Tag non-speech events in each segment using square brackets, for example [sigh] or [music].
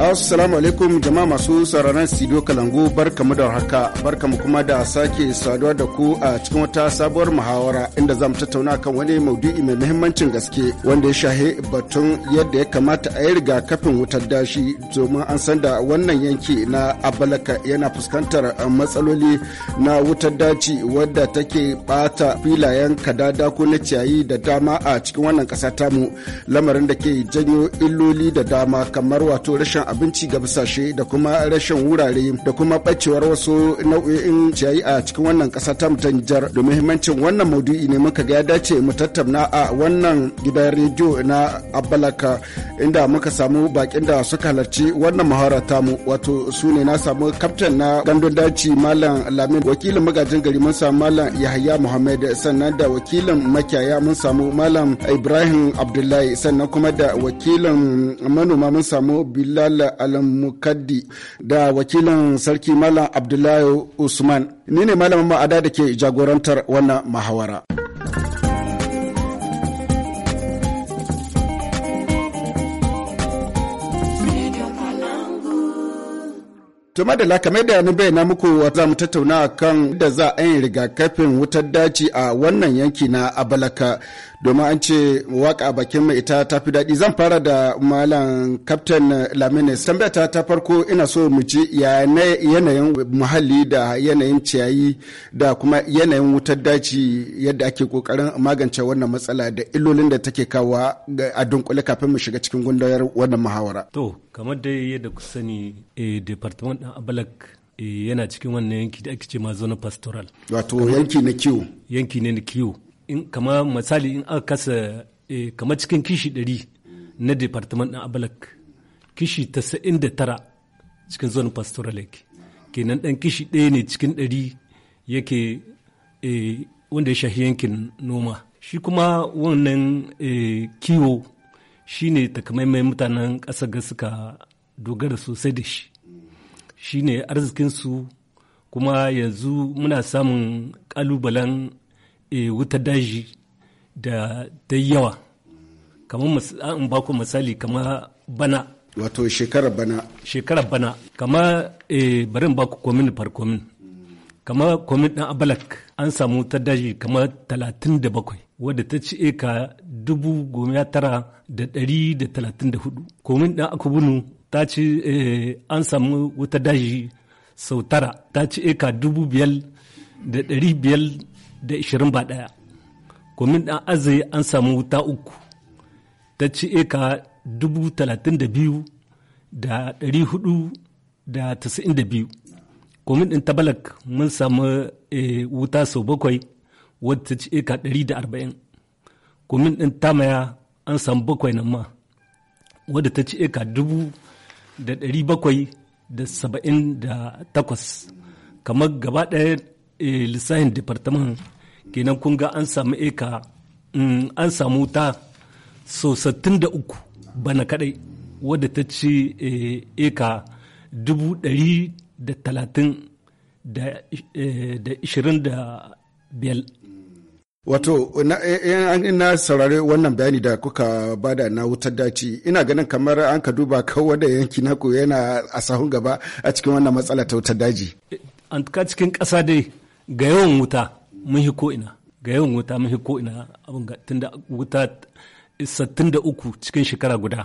Assalamu alaikum jama'a masu sauraron studio Kalangu barkamu da haka barkamu kuma da sake saduwa da ku a cikin wata sabuwar muhawara inda zamu tattauna kan wani maudu'i mai muhimmancin gaske wanda ya shahe batun yadda ya kamata a yi rigakafin wutar dashi domin an san da wannan yanki na Abalaka yana fuskantar matsaloli na wutar daci wadda take bata filayen kadada ko na ciyayi da dama a cikin wannan kasa tamu lamarin da ke janyo illoli da dama kamar wato rashin abinci ga gabasashe da kuma rashin wurare da kuma bacewar wasu nau'o'in ciyayi a cikin wannan ƙasa ta mutan Nijar. Da muhimmancin wannan maudu'i ne muka ga ya dace mu tattauna a wannan gidan rediyo na Abalaka inda muka samu bakin da suka halarci wannan muhawara mu, wato su ne na samu kaftan na gandun daci Malam Lamin wakilin magajin gari mun samu Malam Yahaya Muhammad sannan da wakilin makiyaya mun samu Malam Ibrahim Abdullahi sannan kuma da wakilin manoma mun samu Bilal Bello Alamukaddi mukaddi da wakilin sarki Malam Abdullahi Usman. Ni ne malamin ma'ada da ke jagorantar wannan mahawara. da madalla kamar da ni na muku za mu tattauna kan da za a yi rigakafin wutar daji a wannan yanki na Abalaka. domin an ce waka bakin mai ita ta fi daɗi zan fara da malam kaftan lamines tambaya ta ta farko ina so mu ji yanayin muhalli da yanayin ciyayi da kuma yanayin wutar daji yadda ake kokarin magance wannan matsala da illolin da take kawo a dunkule kafin mu shiga cikin gundayar wannan muhawara to kamar dai yadda ku sani eh, department ɗin abalak eh, yana cikin wannan yanki da ake ce ma zona pastoral wato yanki na kiwo yanki ne na kiwo in kama misali in aka kasa eh, kama cikin kishi ɗari na department ɗin abalak kishi tasa'in da tara cikin zone pastoral lake kenan ɗan kishi ɗaya ne cikin ɗari yake eh, wanda ya shahi yankin noma shi kuma wannan eh, kiwo shi ne takamaimai mutanen ƙasa ga suka dogara sosai da shi shi ne arzikinsu kuma yanzu muna samun ƙalubalen E eh, wuta daji da ta yawa kamar an ba ku misali kamar bana wato shekara bana Shekara bana kamar eh, barin ba ku komin par komin kamar komin ɗan abalak an samu ta daji kamar talatin da bakwai wadda ta ci eka dubu goma tara da ɗari da talatin da hudu komin ɗan akubunu ta ci eh, an samu wuta daji sau tara ta ci eka dubu biyar da ɗari biyar da ishirin ba ɗaya kwamin ɗan arzai an samu wuta uku ta ci eka dubu talatin da biyu da ɗari hudu da tasa'in da biyu komin ɗin tabalak mun samu eh, wuta sau bakwai wadda ta ci eka ɗari da arba'in komin ɗin tamaya an samu bakwai nan ma wadda ta ci eka dubu da ɗari bakwai da saba'in da takwas kamar gaba ɗaya Eh, lissahin departement kenan kun ga an samu eka mm, an samu ta so 63 bana kadai wadda ta ci eh, eka 130 da 25 eh, Wato, na saurari wannan bayani da kuka bada na wutar daci, ina ganin kamar an ka duba kawo da yanki naku yana a sahun gaba a cikin wannan matsala ta wutar daji. An ka cikin ƙasa dai, ga yawan wuta mun hi ko'ina ga yawan wuta mun hi ko'ina abin ga tunda wuta 63 cikin shekara guda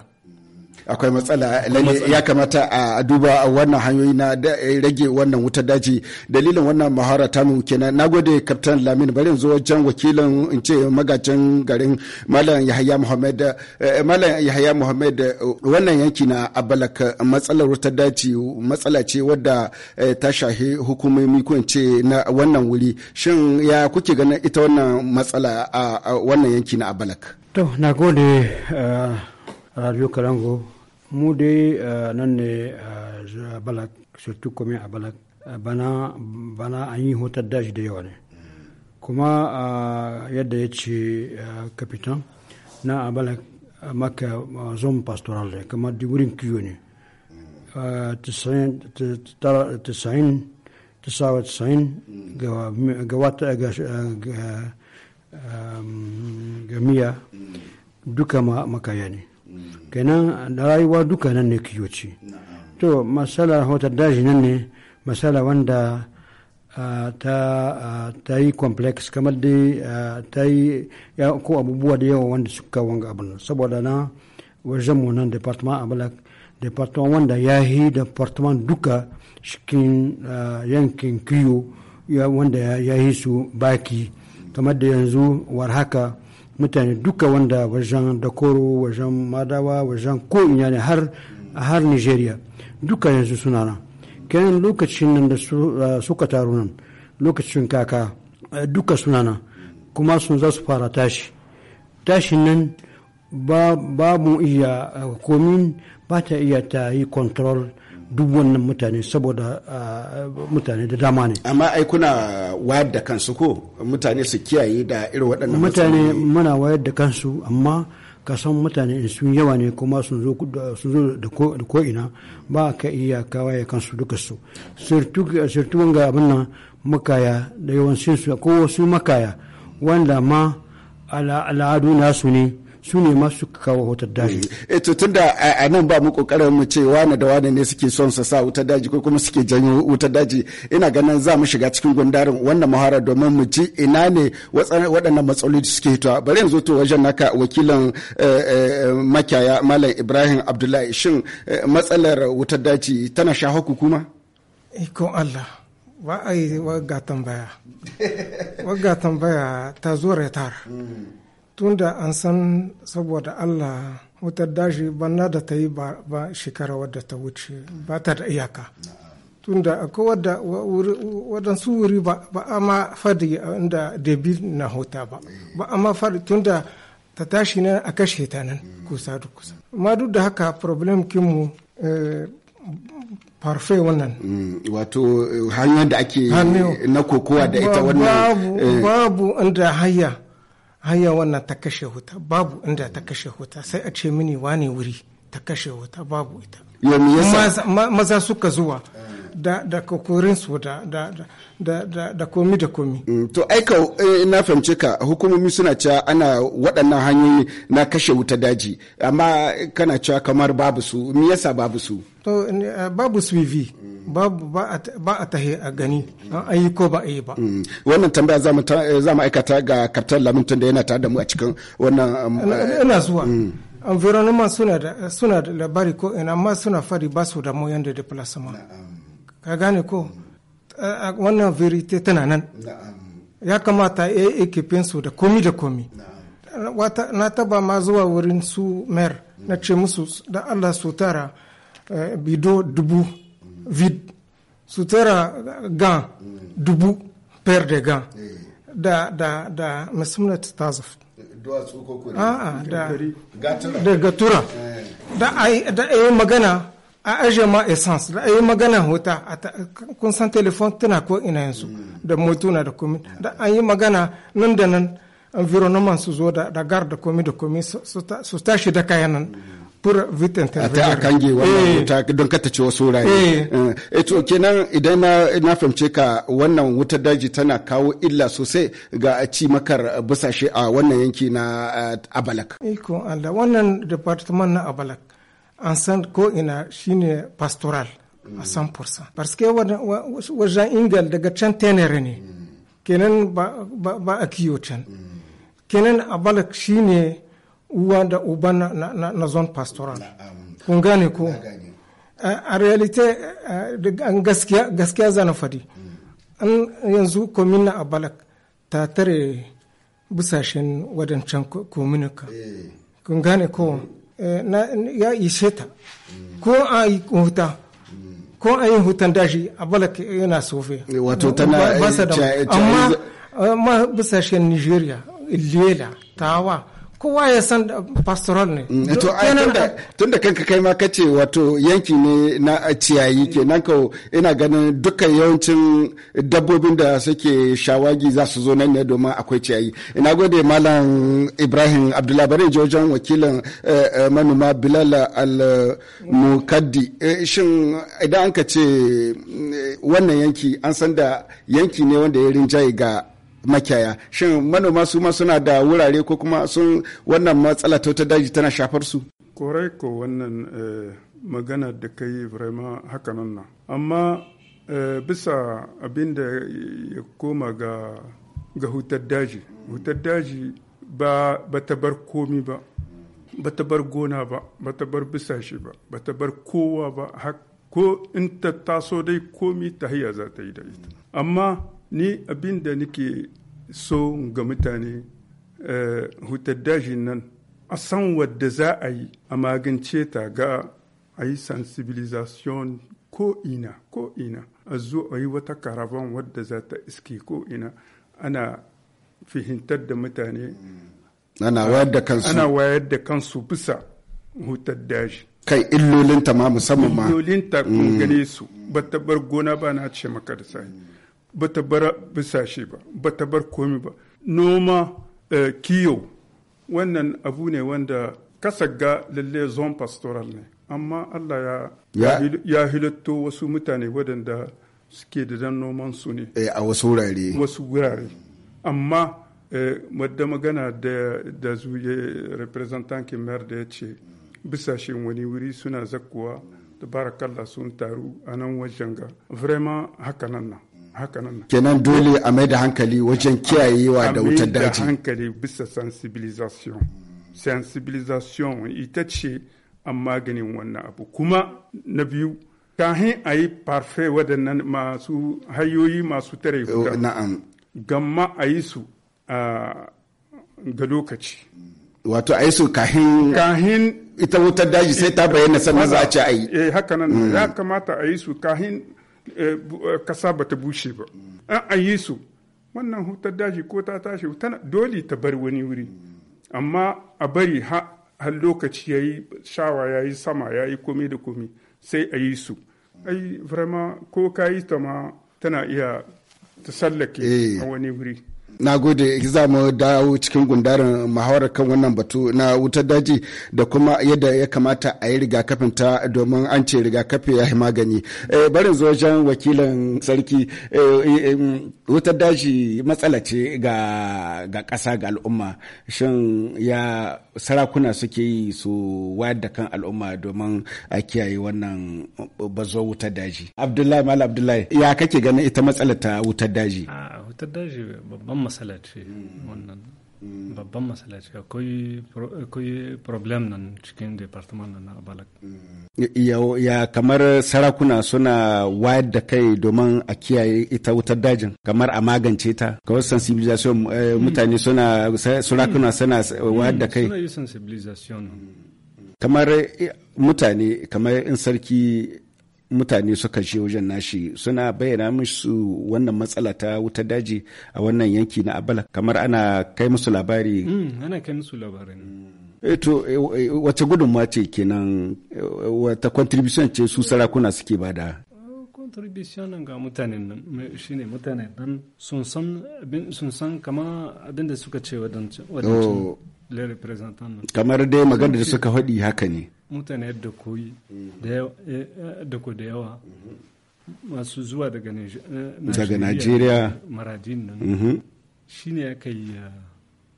akwai matsala lalle ya kamata a duba wannan hanyoyi na eh, rage wannan wutar daji dalilin wannan mahara ta mu kenan nagode kaptan lamin bari zo wajen wakilin in ce magajin garin malam yahaya muhammad eh, malam yahaya muhammad eh, wannan yanki na abalak matsalar wutar daji matsala ce wadda ta shahi hukumomi ko in ce na wannan wuri shin ya kuke ganin ita wannan matsala a wannan yanki na abalak to nagode radio karango mudi euh, nanne euh, balak surtout comme balak euh, bana bana an yi hotar dashi da yawa ne kuma yadda ya ce kapitan na balak maka zon pastoral ne kama di wurin kiyo ne tisa'in tisawa tisa'in ga wata ga miya duka makaya ne kenan rayuwa duka nan ne kiyo ce to masala hotar daji nan ne masala wanda ta ta yi complex kamar da ta yi ko abubuwa da yawa wanda suka wanga abin saboda na wajen mu nan department abalak department wanda ya yi department duka cikin yankin kiyo wanda ya yi su baki kamar da yanzu war haka mutane duka wanda wajen dakoro wajen madawa wajen ko ina ne har har nigeria duka yanzu suna nan kenan lokacin nan da ah, suka taru nan lokacin kaka eh, duka suna nan kuma sun za su fara tashi tashi nan babu mu iya ah, komin ba ta iya ta yi control duk wannan mutane saboda mutane da dama ne amma ai kuna wayar da kansu ko mutane su kiyaye da irin waɗannan mutane muna wayar da kansu amma ka san mutane sun yawa ne kuma sun zo da ko'ina ba ka iya kawaye kansu duka su sirtu wanga abin nan makaya da yawancin su ko wasu makaya wanda ma al'adu nasu ne su ne masu kawo wutar daji. E to tunda a nan ba mu kokarin mu ce wane da wane ne suke son su sa wutar daji ko kuma suke janyo wutar daji ina ganin za mu shiga cikin gundarin wannan muhara domin mu ji ina ne waɗannan matsaloli suke hitowa bari yanzu to wajen naka wakilan eh, eh, makiyaya malam Ibrahim Abdullahi shin matsalar wutar daji tana sha hukuma? Ikon Allah. ba a yi wagga tambaya wagga tambaya ta zo retar mm. tunda an san saboda allah wutar daji banna da ta yi ba shekara wadda ta wuce ba ta da iyaka tunda akwai wadda waɗansu wuri ba a ma fadi inda debi na hota ba ba a ma fadi tunda ta tashi nan a kashe ta nan kusa da kusa amma duk da haka problem kinmu eh, farfe wannan mm, wato eh, hanyar da ake na kokowa da ita wannan babu eh. inda haya haya wannan ta kashe wuta babu inda ta kashe wuta sai a ce mini wani wuri ta kashe wuta babu ita maza suka zuwa da da kokorin su da da da da komi da komi mm, to aika eh, na fahimci ka hukumomi suna cewa ana waɗannan hanyoyi na kashe wuta daji amma kana cewa kamar babu su me yasa babu su to eh, babu suivi babu ba a tahe a gani an yi ko ba a yi ba mm, wannan tambaya za mu eh, aikata ga kaptan lamintan da yana tare da mu a cikin wannan um, ina zuwa mm. environnement suna da labari ko ina amma suna fari ba su da mu yanda da plasma ka gane ko wannan verite tana nan ya kamata ya yi su da komi da komi na taba ma zuwa wurin su mer mm. na ce musu da allah su tara eh, bido dubu vid su tara gan mm. dubu per de gan eh. da da da musamman tazaf da gatura eh. da a yi magana a ajiye ma essence da ayi eh, magana hota kun san telefon tana ko ina yanzu da motuna da komi da an yi magana nan da nan environnement su zo da gar da komi da komi su tashi da kayan nan pur vite intervenir a kange wannan eh. wuta don kata ce wasu raye eh. eh to kenan idan na na fahimce ka wannan wutar daji tana kawo illa sosai ga a ci makar busashe a wannan yanki na abalak iko Allah wannan department na abalak en san ko ina shine pastoral a 100% parce que wajen ingal daga can tenere ne kenan ba a kiyo can kenan a balak shine uwa da uba na zone pastoral kun gane ko a realite gaskiya zana fadi an yanzu komin na a balak ta tare busashen wadancan komunika eh. kun gane ko ya ishe ta ko a yi huta ko a yi hutan dashi a balak yana sofe eh, wato tana ba eh, da amma eh, bisa shi nigeria ilela tawa kowa ya san pastoral ne mm, to tun da kanka kai ma kace wato yanki ne na ciyayi ke kenan ka ina ganin dukkan yawancin dabbobin da suke shawagi za su zo nan ne domin akwai ciyayi ina gode malam ibrahim abdullahi jojan wakilin eh, eh, manoma bilal al mukaddi eh, shin idan an ka ce mm, wannan yanki an san da yanki ne wanda ya rinjaye ga makiyaya shin manoma su ma suna da wurare ko kuma sun wannan matsala ta daji tana shafar su korai ko wannan eh, magana da ka yi vraiment haka nan amma eh, bisa abin da ya koma ga ga hutar daji hutar daji ba ta bar komi ba ba ta bar gona ba ba ta bar bisa ba ba ta bar kowa ba ko in ta taso dai komi ta hayya za ta yi da ita amma ni abin da nake so ga mutane eh, hutar dajin nan a san wadda za a yi a magance ta ga a yi sensibilisation ko'ina ko'ina a zo a yi wata karavan wadda za ta iske ko'ina ana fahimtar da mutane mm. ana wayar da kansu wayar da bisa hutar daji kai illolinta ma musamman ma illolinta mm. gane su ba ta bar gona ba na ce maka da sai ba ta bar bisashe ba ba ta bar komi ba noma eh, kiyo wannan abu ne wanda kasagga lalle zone pastoral ne amma allah ya hilatto wasu mutane wadanda suke da dan noman su ne eh, a wasu wurare wasu wurare amma wadda eh, magana da zuye representant kimar da ya ce bisashen wani wuri suna zakkuwa da barakallah sun taru a nan wajen ga vraiment haka nan nan kenan dole a mai da hankali wajen kiyayewa da wutar daji a hankali bisa sensibilisation sensibilisation ita ce an maganin wannan abu kuma na biyu kahin a yi parfait waɗannan masu hayoyi masu tare huta oh, na'am gamma a yi su ga lokaci wato a yi su kahin kahin ita wutar daji sai ta bayyana sannan za a ci a yi eh haka nan mm. ya kamata a yi su kahin Eh, eh, kasa ba ta bushe ba an a yi su wannan hutar daji ko ta tashi tana dole ta bar wani wuri amma a bari har lokaci ya yi shawa ya yi sama ya yi komai da komai sai a yi su ai vraiment ko ka yi ta ma tana iya ta sallake eh. a wani wuri na gode za mu dawo cikin gundarin muhawarar kan wannan batu na wutar daji da kuma yadda ya kamata a yi rigakafin ta domin an ce rigakafi ya yi magani eh, barin zojen wakilin sarki eh, eh, mm, wutar daji matsala ce ga ƙasa ga al'umma shin ya sarakuna suke yi su wayar da kan al'umma domin a kiyaye wannan bazo wutar daji abdullahi mal abdullahi ya kake ganin ita matsala ta wutar daji ah, fitar shi babban matsala ce wannan babban matsala ce akwai problem nan cikin departament na abalak ya kamar sarakuna suna wayar da kai domin a kiyaye ita wutar dajin kamar a magance ta wasu sensibilisation eh, mutane suna sarakuna suna wayar da kai kamar eh, mutane kamar in sarki mutane suka je wajen nashi suna bayyana musu wannan matsala ta wuta daji a wannan yanki na abala kamar ana kai musu labari hmm, ana kai musu labarin eh, to eh, eh, wace gudunmawa ce kenan wata contribution ce su sarakuna suke bada tarbiyya nan ga mutanen nan shine mutanen nan sun san sun san kama abin da suka ce wadan oh. le representant kamar dai magana da suka faɗi haka ne mutane da koyi da ko da yawa eh, eh, mm-hmm. masu zuwa daga eh, daga Najeriya maradin nan mm-hmm. shine aka yi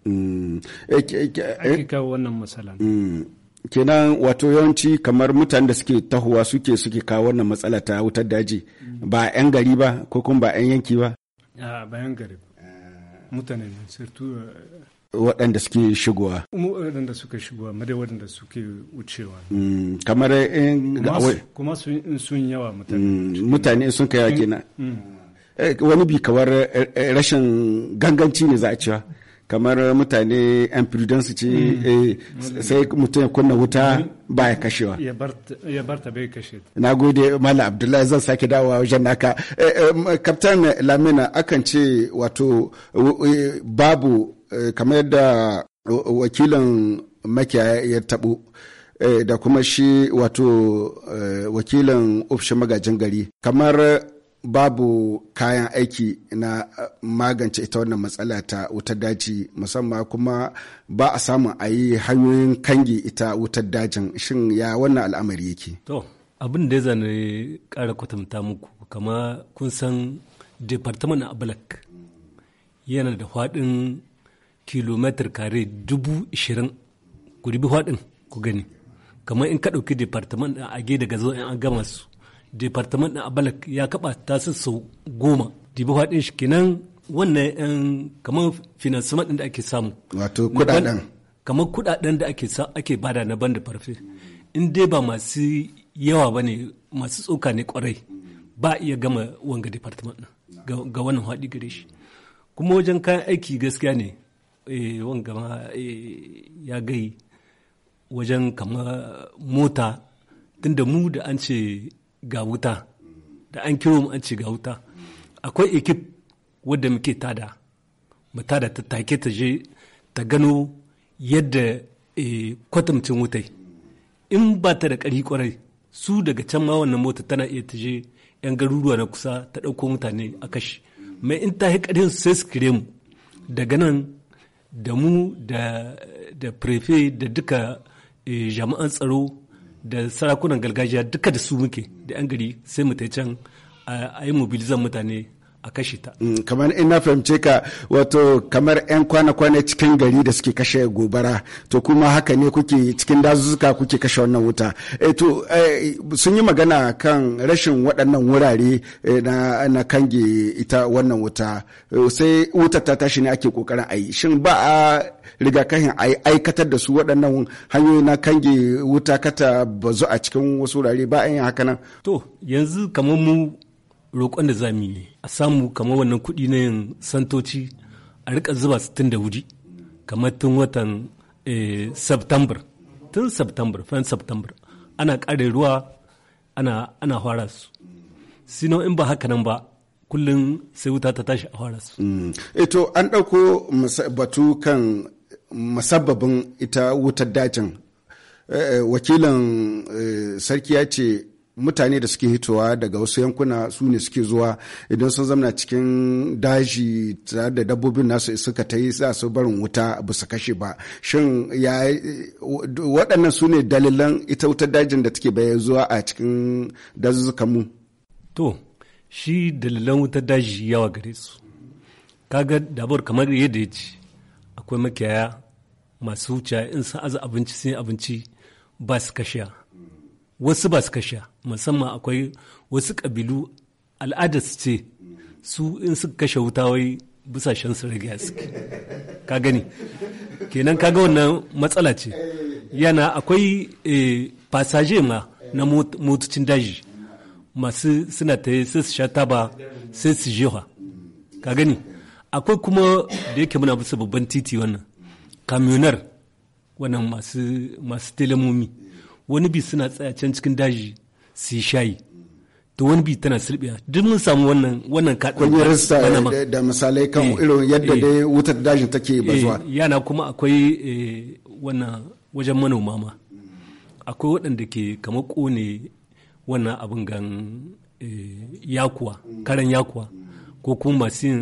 mm. ake kawo wannan masalan mm. kenan wato yawanci kamar mutanen da suke tahowa suke suke kawo wannan matsala ta wutar daji ba 'yan gari ba ko kuma ba 'yan yanki ba ba 'yan gari mutane ne sirtu eh, waɗanda suke shigowa waɗanda suke shigowa made waɗanda suke wucewa mm, kamar kuma sun yawa mutane mm, mutane sun kai yawa eh, kenan mm. eh, wani bi kamar rashin ganganci ne za a cewa kamar mutane yan prudence ce mm. Eh, mm. sai mutum ya kunna wuta ba ya kashewa ya barta bai kashe na gode mala abdullahi zan sake dawowa wajen naka Kaptan eh, eh, lamina akan ce wato babu kamar yadda wakilin makiyaya ya tabo da kuma shi wato wakilin ofishin magajin gari kamar babu kayan aiki na eh, magance ita wannan matsala ta wutar daji musamman kuma ba a samun a yi hanyoyin kange ita wutar dajin shin ya wannan al'amari yake to abin da ya zane kara kwatanta muku kama kun san department na abalak yana da faɗin kilomitar kare dubu ishirin ku dubi faɗin ku gani kamar in ka ɗauki department a age daga zuwa in an gama su departament ɗin abalak ya kaɓa ta sau goma dibi faɗin shi kenan wannan yan kamar finansama ɗin da ake samu wato kuɗaɗen kamar kudaden da ake ake bada na banda farfe in dai ba masu yawa ba ne masu tsoka ne kwarai ba iya gama wanga departament na. ga wannan haɗi gare shi kuma wajen kayan aiki gaskiya ne eh, wanga ma eh, ya gai wajen kama mota tunda mu da an ce ga wuta da an kiro mu an ce ga wuta akwai ekip wadda muke tada mu tada ta take ta je ta gano yadda eh, kwatamcin wutai in ba ta da ƙari kwarai su daga can ma wannan mota tana iya ta je yan garuruwa na kusa ta ɗauko mutane a kashi mai in ta yi ƙarin sai su kire mu daga nan da mu da prefe da duka eh, jama'an tsaro da sarakunan gargajiya duka da su muke da yan gari sai mu ta can a yi mobilizan mutane a kashe ta. Mm, kamar in na fahimce ka wato kamar 'yan kwana-kwana cikin gari da suke kashe gobara to kuma haka ne kuke cikin dazuzzuka kuke kashe wannan wuta e, to eh, sun yi magana kan rashin waɗannan wurare eh, na, na kange ita wannan wuta sai wutar ta tashi ne ake kokarin a yi shin ba a rigakafin a aikatar da su waɗannan hanyoyi na kange wuta kata bazu a cikin wasu wurare ba a yin haka nan. to yanzu kamar mu roƙon da za mu ne a samu kamar wannan kuɗi na yin santoci a rika zuba su tun da wuri kamar tun watan eh, september tun september fan september ana ƙare ruwa ana ana fara su sino in ba haka nan ba kullum sai wuta ta tashi a fara su mm. eto eh, an ɗauko batu kan musabbabin ita wutar dajin eh, wakilan sarki ya ce mutane da suke hitowa daga wasu yankuna su ne suke zuwa idan sun zamana cikin daji tare da dabbobin nasu suka ta yi za su barin wuta ba su kashe ba shin ya waɗannan su ne dalilan ita wutar dajin da take bayan zuwa a cikin dazuzzukan mu to shi dalilan wutar daji yawa gare su kaga dabar kamar yadda ya ce akwai makiyaya masu wuce in sun aza abinci sun abinci ba su kashe wasu ba su kashe musamman akwai wasu kabilu al'adarsu ce su in suka kashe wuta wai busashen su rage suke ka gani kenan kaga wannan matsala ce yana akwai fasaje eh, ma na motocin daji masu suna ta sai su sha taba sai su jewa ka gani akwai kuma da yake muna bisa babban titi wannan kamionar wannan masu telemomi wani bi suna tsaya can cikin daji su shayi to wani bi tana silbiya duk mun samu wannan wannan kaɗan kun eh, da misalai kan eh, irin yadda eh. dai wutar dajin take bazuwa yana kuma akwai wannan wajen manoma ma akwai waɗanda ke kama ƙone wannan abin gan yakuwa karan yakuwa ko kuma masu yin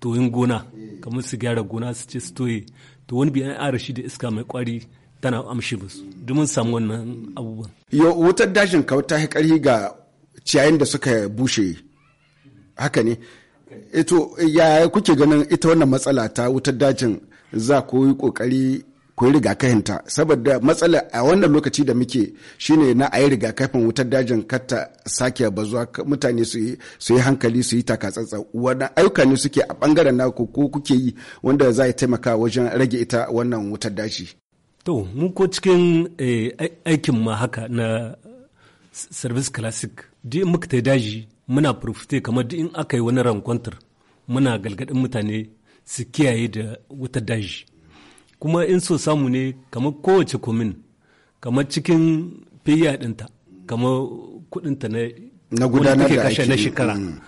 toyin gona kamar su gyara gona su ce su toye to wani bi an arashi da iska mai kwari tana amshi musu domin samu wannan abubuwan. Yo wutar dajin kawai ta yi karhi ga ciyayin da suka bushe haka ne. Ito eh, ya kuke ganin ita wannan matsala ta wutar dajin za ku yi ƙoƙari ku yi rigakafinta saboda matsala a wannan lokaci da muke shine na a yi rigakafin wutar dajin kata sake bazuwa mutane su yi hankali su yi takatsantsan wannan ayyuka ne suke a bangaren naku ko kuke yi wanda za ya taimaka wajen rage ita wannan wutar daji to mu ko cikin eh, aikin ma haka na service classic duk muka ta daji muna furfute kamar duk in aka yi wani rankwantar muna galgadin mutane su kiyaye da wuta daji kuma in so samu ne kamar kowace komin kamar cikin fiya ɗinta kamar kudinta na gudanar da na shekara mm.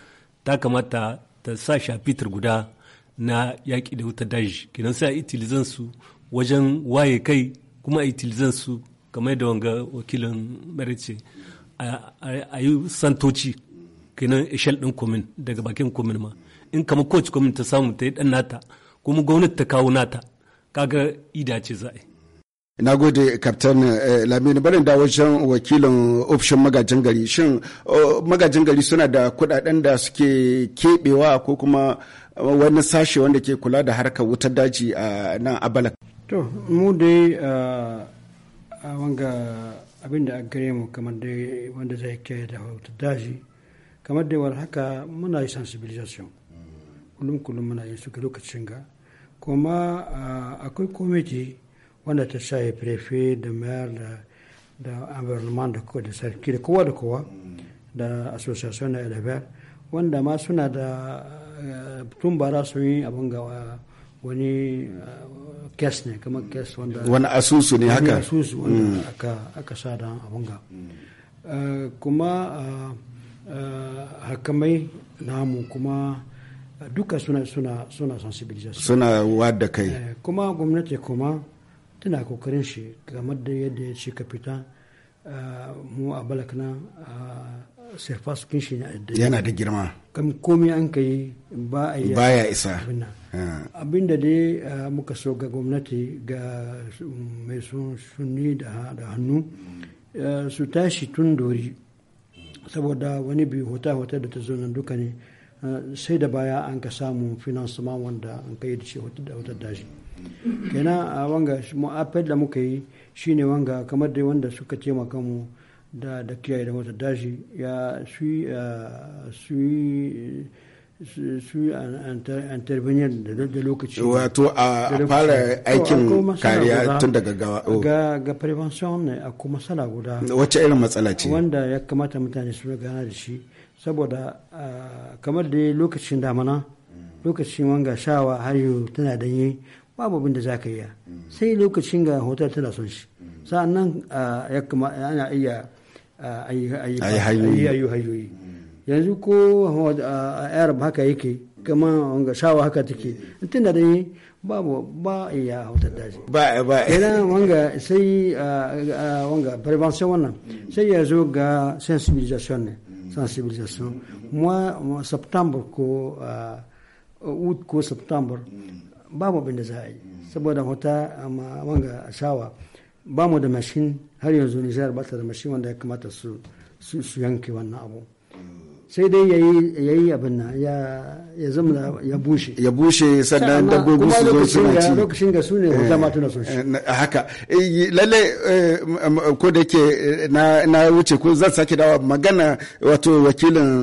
ta kamata ta sa shafitar guda na yaƙi da wuta daji kenan sai a itilizan su wajen waye kai kuma a itilizan su kamar da wanga wakilin marice a yi santoci kenan ishal ɗin komin daga bakin komin ma in kama kowace komin ta samu ta yi ɗan nata kuma gwamnati ta kawo nata kaga ida ce za a na gode kaftan eh, lamini barin da wajen wakilin ofishin magajin gari shin oh, magajin gari suna da kudaden da suke kebewa ko kuma wani sashe wanda ke kula da harkar wutar daji a nan abalak to mu dai a wanga abin da gare mu kamar dai wanda zai ke da wutar daji kamar dai war haka muna yi sensibilisation kullum kullum muna yin su lokacin ga kuma akwai komiti wanda ta shaye prefe da mayar da da environnement da kowa da sarki da kowa da kowa da association na elever wanda ma suna da tun ba za su yi abin ga uh, wani kes uh, ne kamar kes wanda wani asusu ne haka wani asusu wanda mm. aka sa da abin ga mm. uh, kuma hakamai namu kuma duka suna suna suna sensibilisation suna wadda kai eh, kuma gwamnati kuma tana kokarin shi game da yadda ya ce kapitan mu a balakna surface kin shi yana da girma komai an kai ba a baya isa abin da dai ah, muka so ga gwamnati ga mai sunni da hannu eh, su tashi tun dori saboda wani biyu hota-hota da ta zo nan duka ne ah, sai da baya an ka samu finansama wanda an kai da shi da wata daji kenan a ah, wanga mu da muka yi shine wanga kamar dai wanda suka taimaka mu da da kiyaye da mota dashi ya sui sui su intervenir da lokaci wato a fara aikin kariya tun da gaggawa oh. ga ga prevention ne a kuma matsala guda wacce irin matsala ce wanda ya kamata mutane su gana da shi saboda kamar da lokacin damana lokacin wanga shawa har yau tana danye babu abin da za ka yi mm. sai lokacin ga hotel tana son shi sa'annan ya kama ana iya a ah, yi yanzu ko a ah, ah, arab haka yake kama wanga shawa haka take tun da dai babu ba iya hautar daji ba ba idan wanga sai wanga prevention wannan sai ya zo ga sensibilisation ne sensibilisation moi september ko août ko september babu abin da za a yi saboda wata wanga shawa ba mu da mashin har yanzu nijar ba ta da mashin wanda ya kamata su yanke wannan abu sai dai ya yi abin nan ya zama ya bushe ya bushe sannan dabbobi su zo suna ci lokacin ga sune ne zama eh, tuna eh, na shi haka eh, lalle ko da ke na wuce ko zan sake dawa magana wato wakilin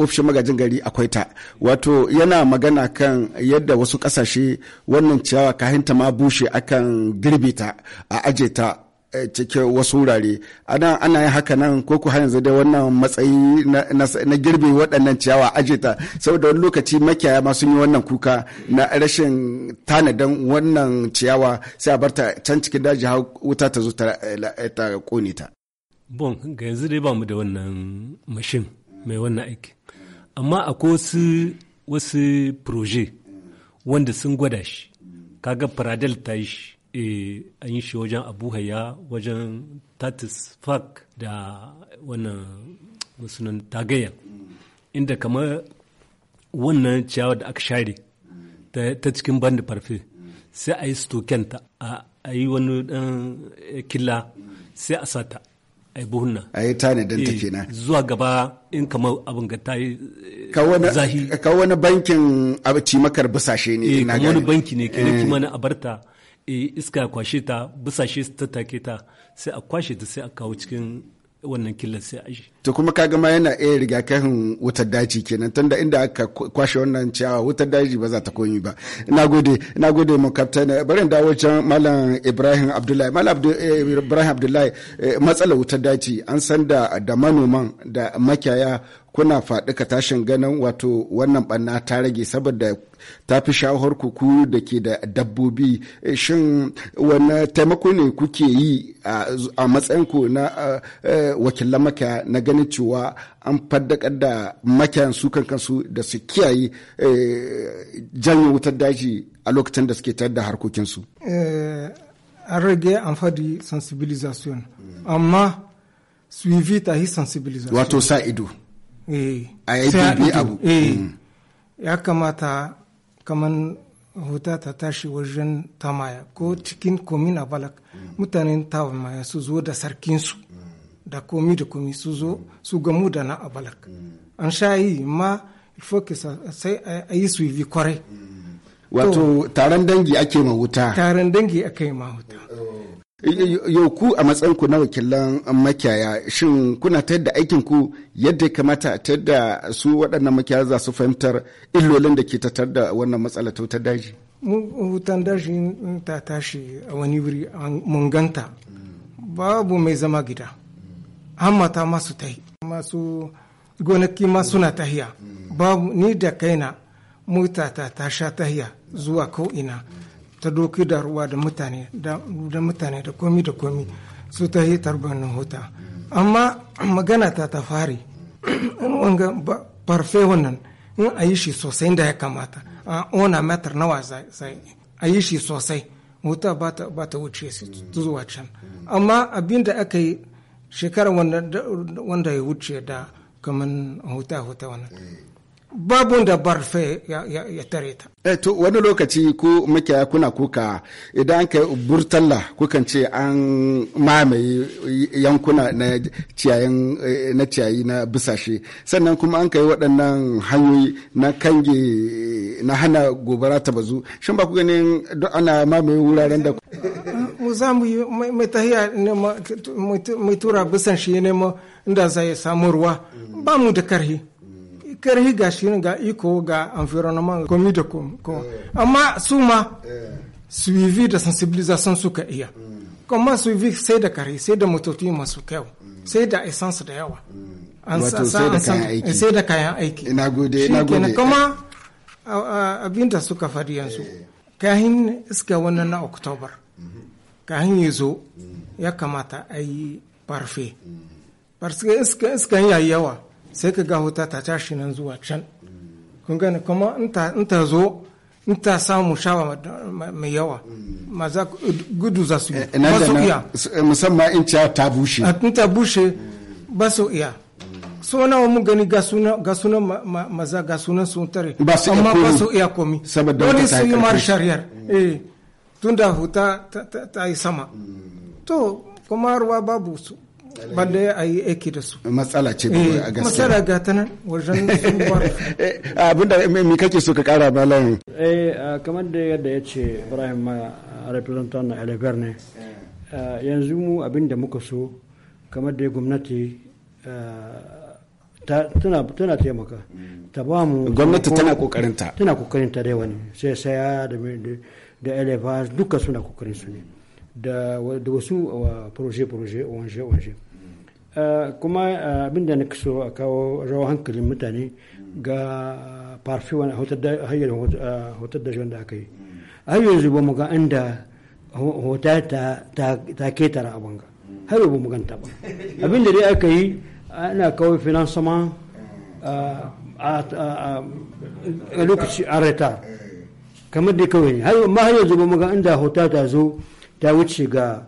ofishin magajin gari akwai ta wato yana magana kan yadda wasu kasashe wannan ciyawa kahinta ma bushe akan girbe ta a aje ta Eh, cikin wasu wurare ana ana yin haka nan ko ku yanzu da wannan matsayi na girbe waɗannan ciyawa ajeta saboda wani lokaci makiyaya ma sun yi wannan kuka na rashin tanadan wannan ciyawa sai a barta can cikin daji har wuta ta zo ta kone ta bon ga yanzu dai ba mu da wannan mashin mai wannan aiki amma akwai wasu wasu proje wanda sun gwada shi kaga faradal ta yi shi an yi shi wajen abuhaya wajen tatis park da wannan sunan tagaya inda kamar wannan ciyawa da aka share ta cikin bandi farfe sai a yi stokenta a yi wani dan eh, killa sai a sata a yi buhunna a yi don ta eh, na zuwa gaba in kama abin ga ta yi eh, zahi ka wani bankin abu cimakar busashe ne kawo wani banki ne kenan kimanin abarta Eh, iska ya kwashe ta busashe ta take ta sai a kwashe ta sai a kawo cikin wannan killar sai a shi. To kuma kaga ma yana iya rigakafin wutar daji kenan tunda inda aka kwashe wannan ciyawa wutar daji ba za ta komi ba. Ina gode, ina gode mu kaftan bari dawo can Malam Ibrahim Abdullahi. Malam eh, Ibrahim Abdullahi eh, matsalar wutar daji an san da da manoman da makiyaya kuna faɗi ka tashin ganin wato wannan ɓanna ta rage saboda ta fi shawar ku da ke da dabbobi shin wani taimako ne kuke yi a matsayinku na wakilan maka na ganin cewa an faddakar da makiyan su kankansu da su kiyaye eh, janye wutar daji a lokacin da suke tar da harkokinsu eh, an rage an faɗi sensibilisation hmm. amma suivi ta yi sensibilisation wato sa ido Eh. a yi abu eh. mm. ya kamata kamar huta ta tashi wajen tamaya ko mm. cikin komin a balak mm. mutanen tamaya su zo da sarkinsu da komi da komi su zo su gamu da na a balak an sha yi ma fokisa sai a yi su yi kwarai wato taron dangi ake ma wuta taron dangi ake ma wuta oh. yau ku a matsayinku na wakilan makiyaya shin kuna ta yadda aikinku ku yadda kamata ta yadda su waɗannan makiyaya za su fahimtar illolin da ke tattar da wannan matsala ta wutar daji wutan daji ta tashi a wani wuri mun ganta babu mai zama gida an mata masu tahi masu gonaki masu suna tahiya babu ni da kaina mota ta sha tahiya zuwa ko ina. ta doki da ruwa da mutane da mutane da komi da komi su ta yi tarban hota amma [clears throat] magana ta ta fari [clears throat] wanga parfe wannan in a yi shi sosai da ya kamata a ona metar nawa zai a yi shi sosai wuta ba ta wuce zuwa can amma abinda aka yi shekara wanda ya wuce da kamar huta-huta wannan babun da barfe ya, tare ta. Eh, to wani lokaci ku makiya kuna kuka idan ka burtalla kukan ce an mamaye yankuna na ciyayin eh, na ciyayi na bisashe sannan kuma an kai waɗannan hanyoyi na kange na hana gobara ta bazu shin ba ku ganin don ana mamaye wuraren da mu za mu yi mai tahiya mai tura bisan shi ne ma inda zai samu ruwa ba mu da karhi karhi ga shi ga iko ga environment komi ko komi eh. amma su ma eh. suivi da sensibilisation suka iya mm. kuma suivi sai da kare sai da motoci masu kyau mm. sai da essence da yawa mm. wato eh, sai da kayan aiki ina gode ina gode kuma abinda suka faɗi yanzu kahin iska wannan na october mm-hmm. kahin ya zo ya kamata a yi parfe parce que iska yayi yawa sai ka ga wuta ta tashi nan zuwa can kun gane kuma in ta zo in ta samu shawa mai yawa maza gudu za su yi eh, ba su iya eh, musamman in ciya ta bushe in ta bushe ba su iya so wa mun gani ga sunan maza ga sunan sun tare amma ba su iya komi wani su yi mar shariyar eh, tun da huta ta yi sama mm. to kuma ruwa babu su balle ya yi aiki da su matsala ce ba eh, a gaskiya matsala ga ta nan wajen [laughs] eh, abinda mai kake so ka kara ba malayin eh kamar da yadda ya ce ibrahim ma representant na elever ne eh. yanzu mu abinda muka so kamar da gwamnati tana tana taimaka hmm. ta ba mu gwamnati tana kokarin ta tana kokarin ta da yawa ne sai saya da da elevage duka suna kokarin su ne da wasu uh, proje-proje onje onje uh, kuma uh, abin da na so a kawo rawa hankalin mutane ga farfi wani hanyar hotar da da aka yi har yanzu ba mu ga inda hota ta ketara a banga har yanzu ba mu ganta ba abin da dai aka yi ana kawo finansaman a lokaci a reta kamar da kawai har yanzu ba mu ga inda hota ta zo ta wuce ga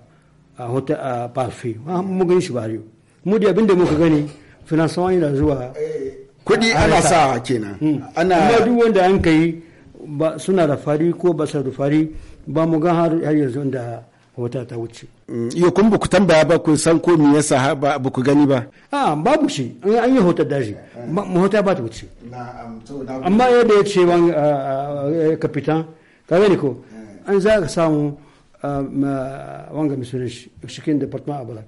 hota a bafi mu gani shi ba mu da abinda muka gani finansawa yana zuwa kudi ana sa kenan hmm. ana kuma duk wanda an kai suna da fari ko ba su da fari ba mu ga har yanzu da wata ta wuce. Iya hmm. kun buku tambaya ba ku san ko me yasa ba buku gani ba. A babu shi an yi hotar daji mu hota ba ta wuce. Amma yadda ya ce wan kapitan ka gani ko hmm. an za ka samu wanga mai sunan shi cikin departement abala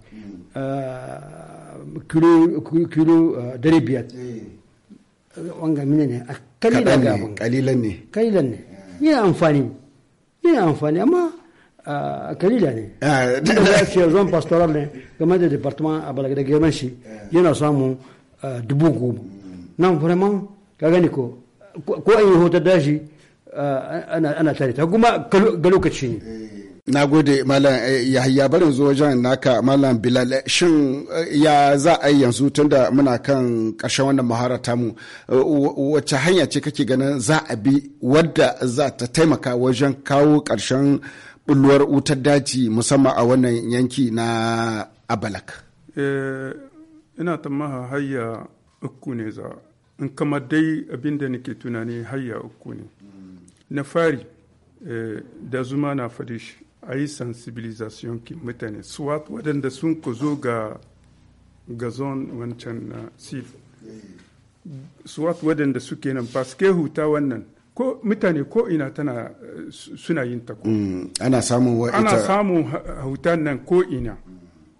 kilo dari biyar wanga mine ne a kalilan ga abin kalilan ne kalilan ne yana amfani yana amfani amma kalila ne da ce zon pastoral ne game da departement abala da girman shi yana samun dubu goma hmm. nan vraiment ka gani ko ko an yi hotar dashi ana tare ta kuma ga lokaci ne na gode malam eh, yahaya barin zuwa wajen naka malam bilal eh, shin eh, ya za a yi yanzu tunda muna kan ƙarshen wannan mahara tamu wacce hanya ce kake ganin za a bi wadda za ta taimaka wajen kawo ƙarshen bulluwar wutar daji musamman a wannan yanki na abalak ina ta maha hayya uku ne za in kama dai abinda nake tunani hayya uku ne na fari da zuma na faɗi shi a yi sensibilisation ki soit waden waɗanda sun ko zo ga ga zon wancan na sil swat waɗanda suke nan paske huta wannan ko mutane ko ina tana suna yin ta ana samun wa ita ana samun huta nan ko ina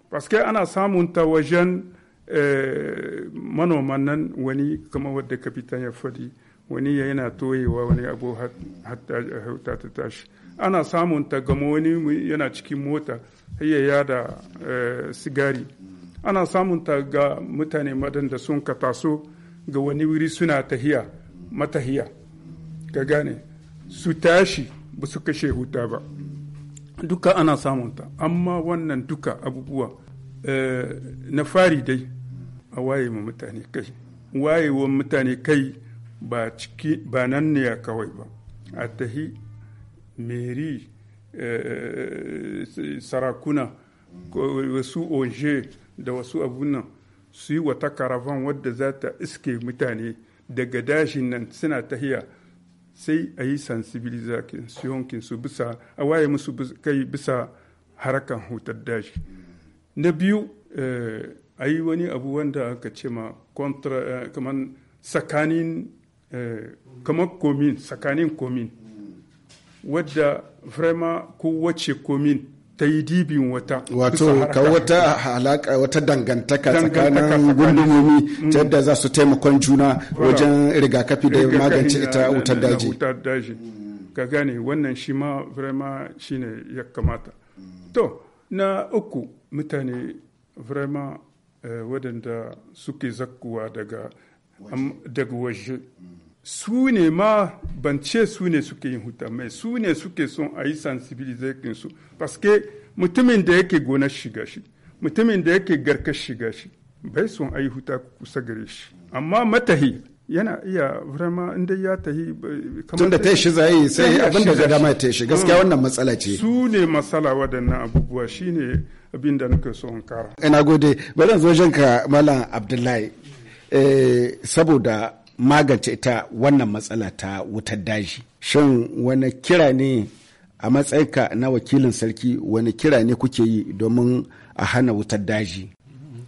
paske ana samun ta wajen manoman nan wani kamar wadda kapitan ya fadi wani yana toyewa wani abu hatta ta tashi ana samun ga wani yana cikin mota hayya da eh, sigari ana samun ga mutane madanda sun ka taso ga wani wuri suna tahiya matahiya ga gane su tashi ba su kashe huta ba duka ana samun amma wannan duka abubuwa eh, na fari dai a waye ma mutane kai wayewan mutane kai ba nan ne ya kawai ba a tahi meri eh, eh, eh, sarakuna wasu oje da wasu abunan su yi wata karavan wadda za ta iske mutane daga dashin nan suna tahiya sai a yi sensibilization su bisa a waye musu kai bisa harakan hutar dashi na biyu a yi wani abu wanda aka ce ma kamar tsakanin kamar komin tsakanin komin wadda frema ko wace komin ta yi dibin wata wato ka wata halaka wata dangantaka tsakanin gundumomi ta mm. yadda za su taimakon juna wajen rigakafi da magance ita wutar daji ka gane wannan shi ma shi shine ya kamata to na uku mutane firama eh, waɗanda suke zakkuwa daga waje su ne ma ban ce su ne suke yin huta mai su ne suke son a yi sensibilization su paske mutumin da yake gonar shiga shi mutumin da yake garkar shiga shi bai son a yi huta kusa gare shi amma matahi yana iya vrama inda ya tahi tun da ta shi zai sai abin da dama ta shi gaskiya mm. wannan matsala ce su ne matsala waɗannan abubuwa ne abin da nake so in kara ina eh, gode bari zo wajen malam abdullahi eh, saboda magance ita wannan matsala ta wutar daji shin wani kira ne a matsayinka na wakilin sarki wani kira ne kuke yi domin a hana wutar daji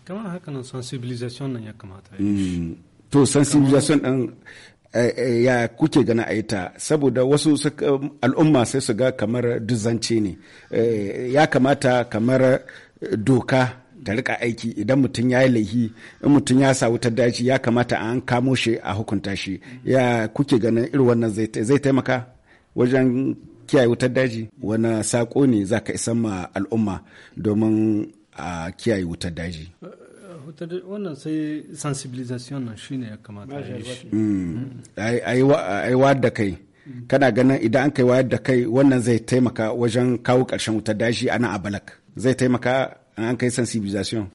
kamar haka nan sensibilisation nan ya kamata mm. to sensibilisation ɗin eh, eh, ya kuke gana a ita saboda wasu al'umma sai su ga kamar duzance ne eh, ya kamata kamar doka ta rika aiki idan mutum ya yi laihi in mutum ya sa wutar daji ya kamata an kamo shi a hukunta shi ya kuke ganin irin wannan zai taimaka wajen kiyaye wutar daji wani sako ne za ka isan ma al'umma domin a kiyaye wutar daji wannan sai sensibilisation nan shine ya kamata a yi mm. wa da kai kana ganin idan an kai wayar da kai wannan zai taimaka wajen kawo ƙarshen wutar daji a nan a balak zai taimaka an kai sensibilisation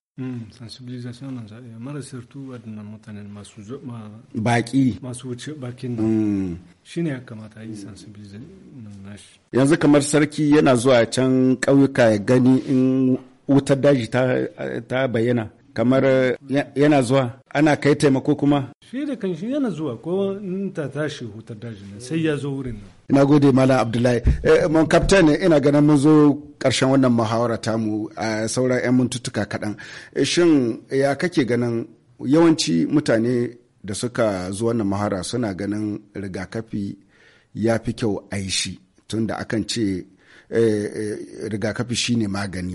sensibilisation nan za a mara sirtu waɗannan mutane masu baki masu wuce bakin nan shi ne ya kamata yi sensibilisation na shi yanzu kamar sarki yana zuwa can ƙauyuka ya e gani in wutar daji ta bayyana kamar yana e, e zuwa ana kai taimako kuma shi da kan shi yana zuwa ko in ta tashi hutar daji nan sai ya zo wurin nan ina gode malam abdullahi eh, mon captain ina ganin mun zo karshen wannan muhawara mu a eh, sauran yan mintuttuka kaɗan eh, shin ya kake ganin yawanci mutane da suka zo wannan mahara suna ganin rigakafi ya fi kyau a yi shi tunda akan ce rigakafi shine magani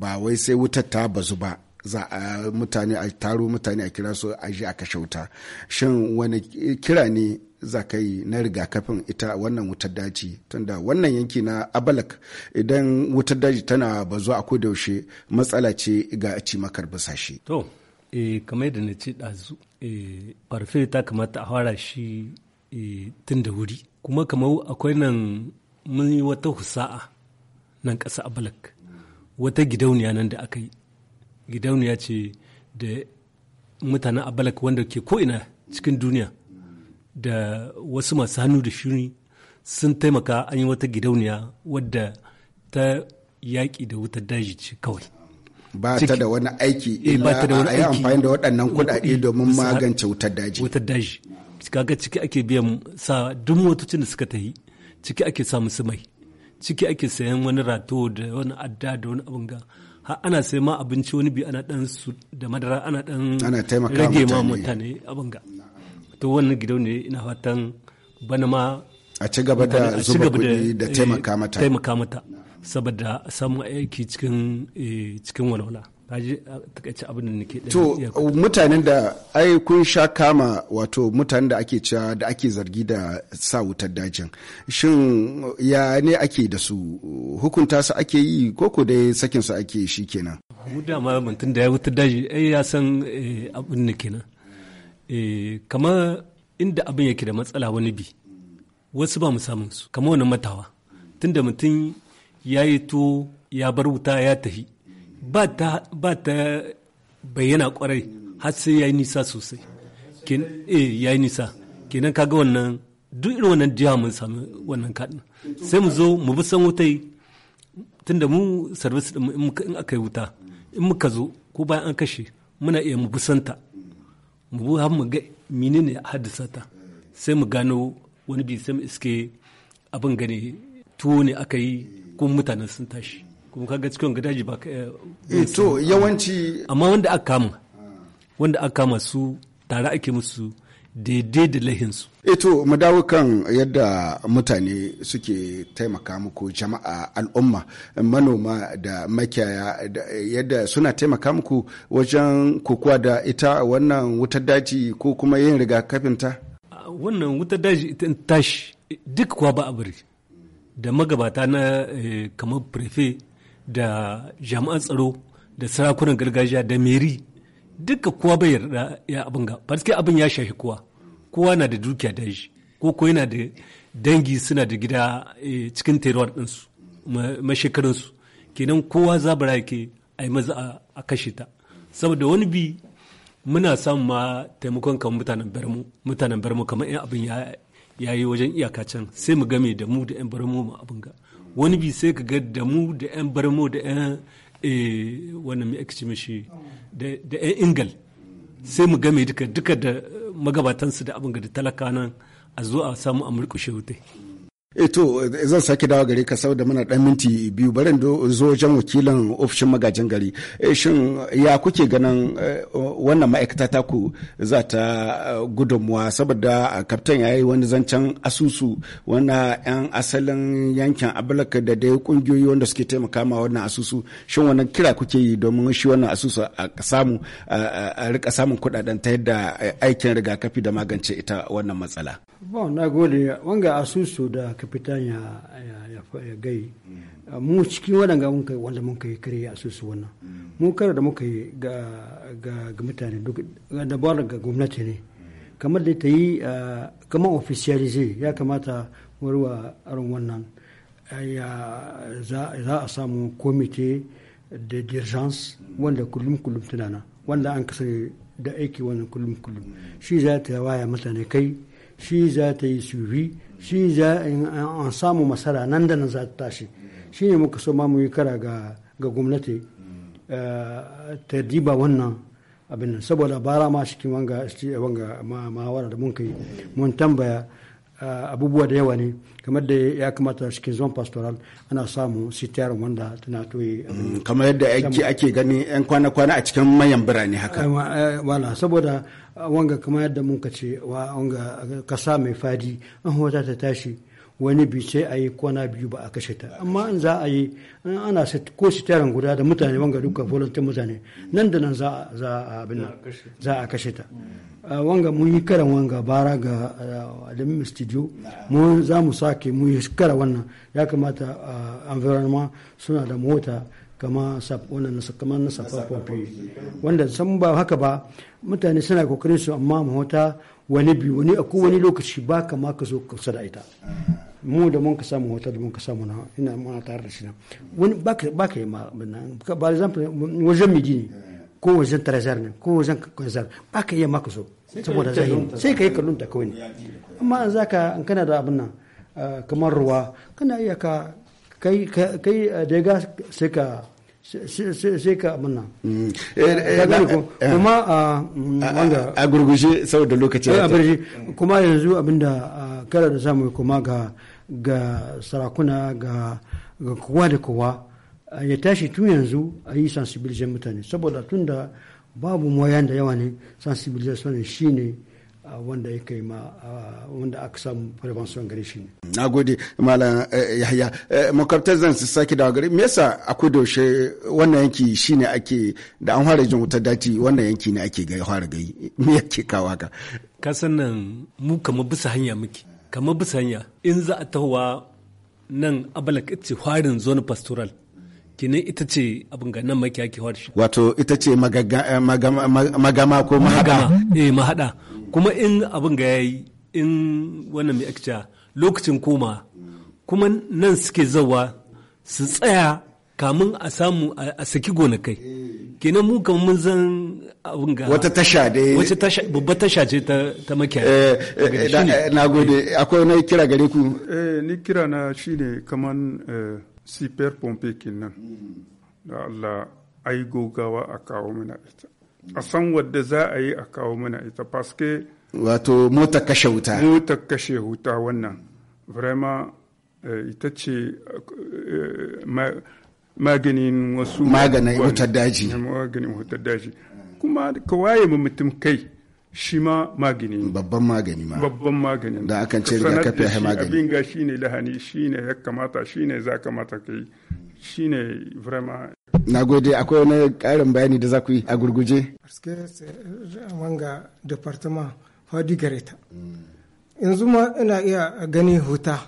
ba wai sai wutar ta bazu ba za a mutane a taro mutane a kira su a ji a kashe wuta shin wani kira ne za ka yi na rigakafin ita wannan wutar daji tunda wannan yanki na abalak idan wutar daji tana bazuwa a kodayaushe matsala ce ga cimakar bisashe to e kamar yadda na ce ɗazu e eh, farfe ta kamata a fara shi e, tun da wuri kuma kamar akwai nan mun yi wata husa'a nan ƙasa abalak wata gidauniya nan da aka yi ya ce da mutanen abalak wanda ke ko'ina cikin duniya da wasu masu hannu da shuni sun taimaka an yi wata gidauniya wadda ta yaƙi da wutar daji ce kawai ba ta da wani aiki eh, ila a yi amfani da waɗannan kuɗaɗe domin magance wutar daji wutar daji kaga ciki ake biyan sa duk motocin da suka ta yi ciki ake sa musu mai ciki ake sayan wani rato da wani adda da wani abin ga ana sai ma abinci wani bi ana dan su da madara ana dan rage ma mutane abin ga to wannan gidau ne ina fatan bana ma a ci gaba da zuba kuɗi da eh, taimaka mata saboda samun aiki cikin eh, cikin walwala to mutanen da ai kun sha kama wato mutanen da ake cewa da ake zargi da sa wutar dajin shin ya ne ake da su hukunta su ake yi koko dai sakin su ake shi kenan mu da ma mutum da ya wutar daji ai ya san eh, abin ne kenan eh, kamar inda abin yake da matsala wani bi wasu ba mu samun su kamar wani matawa tunda mutum ya yi to ya bar wuta ya tafi ba ta bayyana kwarai har sai ya yi nisa sosai eh ya yi nisa kenan kaga wannan duk irin wannan jiha mun sami wannan kaɗin sai mu zo mu bi san wutai tunda mu service in aka yi wuta in muka zo ko bayan an kashe muna iya mu bi santa mu bi har mu ga menene haddasa ta sai mu gano wani bi sai mu iske abin gane tuwo ne aka yi ko mutanen sun tashi kuma kaga cikin gadaji ba ka eh, eh, to yawanci amma wanda aka kama wanda aka kama su tare ake musu daidai da lahinsu. Eto eh, mu dawo kan yadda mutane suke taimaka muku jama'a al'umma manoma da makiyaya yadda suna taimaka muku wajen kokowa da ita wannan wutar daji ko kuma yin rigakafinta? Ah, wannan wutar daji ita tashi duk kuwa ba a bari da magabata na kamar prefe da jami'an tsaro da sarakunan gargajiya da meri duka kowa bai yarda ya abin ga farske abin ya shafi kowa kowa na da dukiya da shi ko ko yana da dangi suna da gida eh, cikin terowar ɗinsu mashekarinsu kenan kowa zabara yake a yi maza a kashe ta saboda wani bi muna samun ma taimakon kan mutanen barmu mutanen barmu kamar yan abin ya yi wajen iyaka can sai mu game da mu da yan barmu mu abin ga wani bi sai ka ga da mu da 'yan barmo da 'yan eh, wani mai ake da 'yan ingal sai mu game duka duka da magabatansu da abin da talaka nan a zo a samu a murkushe wutai Eh, to zan sake dawo gare ka sau da mana dan minti biyu barin zo wajen wakilan ofishin magajin gari eh, shin ya kuke ganin eh, wannan ma'aikata ta ku za ta gudunmuwa saboda kaftan ya yi wani zancen asusu wanda yan asalin yankin abulaka da dai kungiyoyi wanda suke taimaka ma wannan asusu shin wannan kira kuke yi domin shi wannan asusu a samu a rika samun kudaden ta yadda aikin rigakafi da magance ita wannan matsala Bon, na gode wanga asusu da kapitan ya, ya, gai mu cikin waɗanda mun kai wanda mun kai kare asusu wannan mu kare da muka yi ga, ga, mutane duk da bar ga gwamnati ne kamar da ta yi kamar officialize ya kamata warwa aron wannan za a samu komite da d'urgence wanda kullum kullum tunana wanda an kasance da aiki wannan kullum kullum shi za ta waya mutane kai shi za ta yi suvi shi za a samu masara nan da nan za ta tashi shi ne muka so mu yi kara ga gwamnati eh, ta diba wannan abin nan saboda bara ma shi wanga wanga mawara da mun kai mun tambaya eh, abubuwa da yawa ne kamar da ya kamata cikin zon pastoral ana samu sitiyar wanda tana toye kamar yadda ake gani yan kwana-kwana a cikin mayan birane haka eh, wala saboda wanga kamar yadda mun ka ce wa wanga kasa mai fadi an wata ta tashi wani bi sai a yi kwana biyu ba a kashe ta amma in za a yi ana ko sitaran guda da mutane wanga duka volunteer mutane nan da nan za a abin za a kashe ta wanga mun yi karan wanga bara ga adamin studio mun za mu sake mun yi kara wannan ya kamata environment suna da mota kama na safafofi wanda san ba haka ba mutane suna kokarin su amma mahota wani biyu wani a wani lokaci ba kama ka zo kusa da ita mu da mun ka samu da mun ka samu na ina muna tare da shi na wani ba ka yi ma ba example wajen midi ne ko wajen trezor ne ko wajen kwazar ba ka yi ma ka zo saboda zai sai ka yi kallon ta kawai amma an zaka an kana da abin nan eh, kamar ruwa kana iya ka kai kai eh, da sai ka ka munna mm. eh, eh, kuma ah, a gurgushe saboda lokaci kuma yanzu abinda ah, kara da samu kuma ga ga sarakuna ga kowa da kowa ya tashi tun yanzu a yi sensibilizar mutane saboda tun da babu moyan da yawa ne sensibilization shi ne wanda ya kai ma wanda aka samu prevention gare shi na gode malam eh, eh, yahya eh, makwabtar zan su sake dawa gari me yasa akwai daushe wannan yanki shine ake da an fara jin wutar daji wannan yanki ne ake gai fara gai me yake kawo ka? ka nan mu kama bisa hanya muke kama bisa hanya in za a tahowa nan abalak ita ce farin zone pastoral kenan ita ce abin ga nan maki ake shi. wato ita ce magama ko mahada eh mahada kuma in abin ga yayi in wannan mai akita lokacin koma kuma nan suke zawa su tsaya kamun a samu a saki gonakai kenan mu kamar mun zan abin ga wata tasha da wata tasha babba tasha ce ta ta makiyaya eh, eh, eh, na gode eh. akwai wani kira gare ku eh ni kira na shine kaman eh, super pompe kinan hmm. da Allah ai gogawa a kawo mana ita a san wadda za a yi a kawo mana ita paske wato mota kashe wuta mota kashe wuta wannan vraiment eh, ita ce eh, maganin wasu maganin wutar daji maganin wutar daji kuma ka waye ma mutum kai shi ma magani babban magani ma babban magani da akan ce kafe ha magani abin ga shine lahani shine ya kamata shine za kamata kai shine vraiment na gode akwai wani karin bayani da za ku yi a gurguje eh, wanga departement fadi gareta yanzu ma ina iya gani huta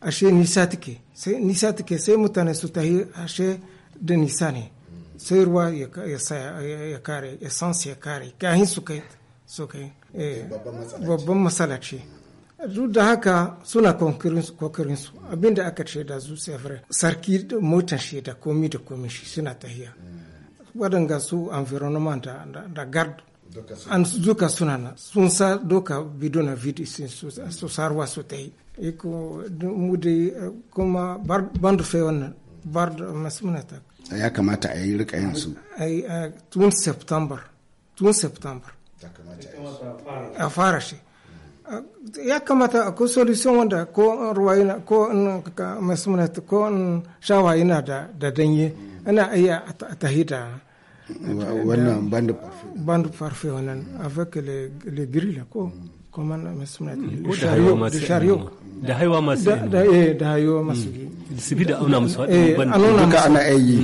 ashe nisa take sai nisa take sai mutane su tahi ashe da nisa ne sai ruwa ya kare essence ya kare kahin su kai eh, babban matsala ce duk da haka suna kokarinsu abinda aka ce da su sevre sarki motan shi da komi da komi shi suna tahiya waɗanda su environment da gard an duka suna na sun sa doka bidon na vidi su sarwa su ta yi iko mu da kuma bandu fe wannan bardo masu muna ta ya kamata a yi rika yin su tun september tun september a fara shi ya kamata ko solution wanda ko ruwa yana ko masu ko shawa yana da da danye ana iya tahi da wannan band parfait band parfait wannan avec le le grill ko kuma masu le chariot da haiwa masu da eh da haiwa masu mm. su bi da auna musu haɗin eh, duka ana yi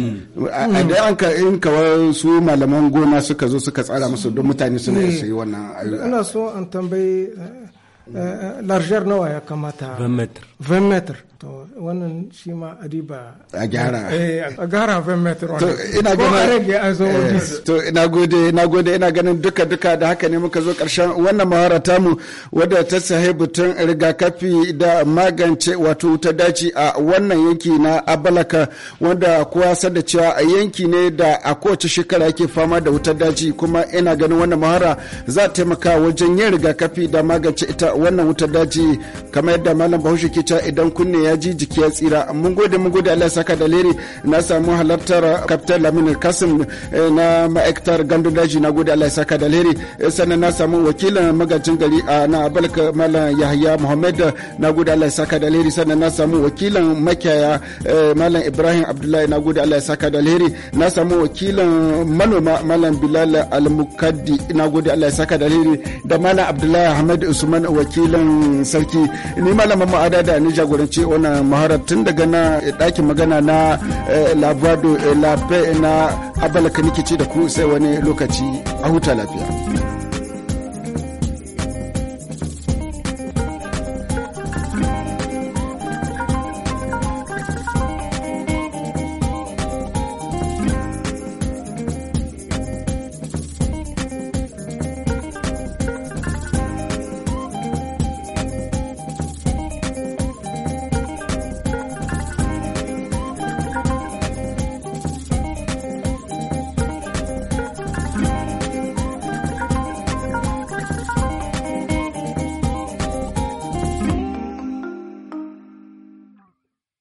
a mm. da an ka in kawar su malaman gona suka zo suka tsara musu don mutane suna mm. yi wannan ayyuka ina so an tambaye. Eh, Eh, largeur não é a camada. 20 metros. 20 metros. to wannan shi ma a riba a gyara eh, a gyara fa metron to ina rage a zo eh, to ina gode ina gode ina ganin duka duka da haka ne muka zo karshen wannan mawara tamu wadda ta sahi butun rigakafi da magance wato ta dace a wannan yanki na abalaka wanda kowa san da cewa yanki ne da a kowace shekara yake fama da wutar daji kuma ina ganin wannan mahara za ta taimaka wajen yin rigakafi da magance ita wannan wutar daji kamar yadda malam bahaushe ke cewa idan kunne ya ji jiki ya tsira mun gode mun gode Allah saka da leri na samu halartar kaftar Lamin Kasim eh, na ma'aikatar Gandu Daji na gode Allah saka da leri eh, sannan na samu wakilin magajin gari a ah, na abalka Malam Yahya Muhammad na gode Allah saka da leri sannan na samu wakilin makiyaya eh, Malam Ibrahim Abdullahi na gode Allah saka da leri na samu wakilin manoma Malam Bilal Al-Mukaddi na gode Allah saka da leri da Malam Abdullahi ahmad Usman wakilin sarki ni malamin ma'ada da ni jagoranci wannan maharar tun daga na eh, ɗakin magana na eh, labado eh, lape na abalaka nike ce da ku sai wani lokaci a huta lafiya.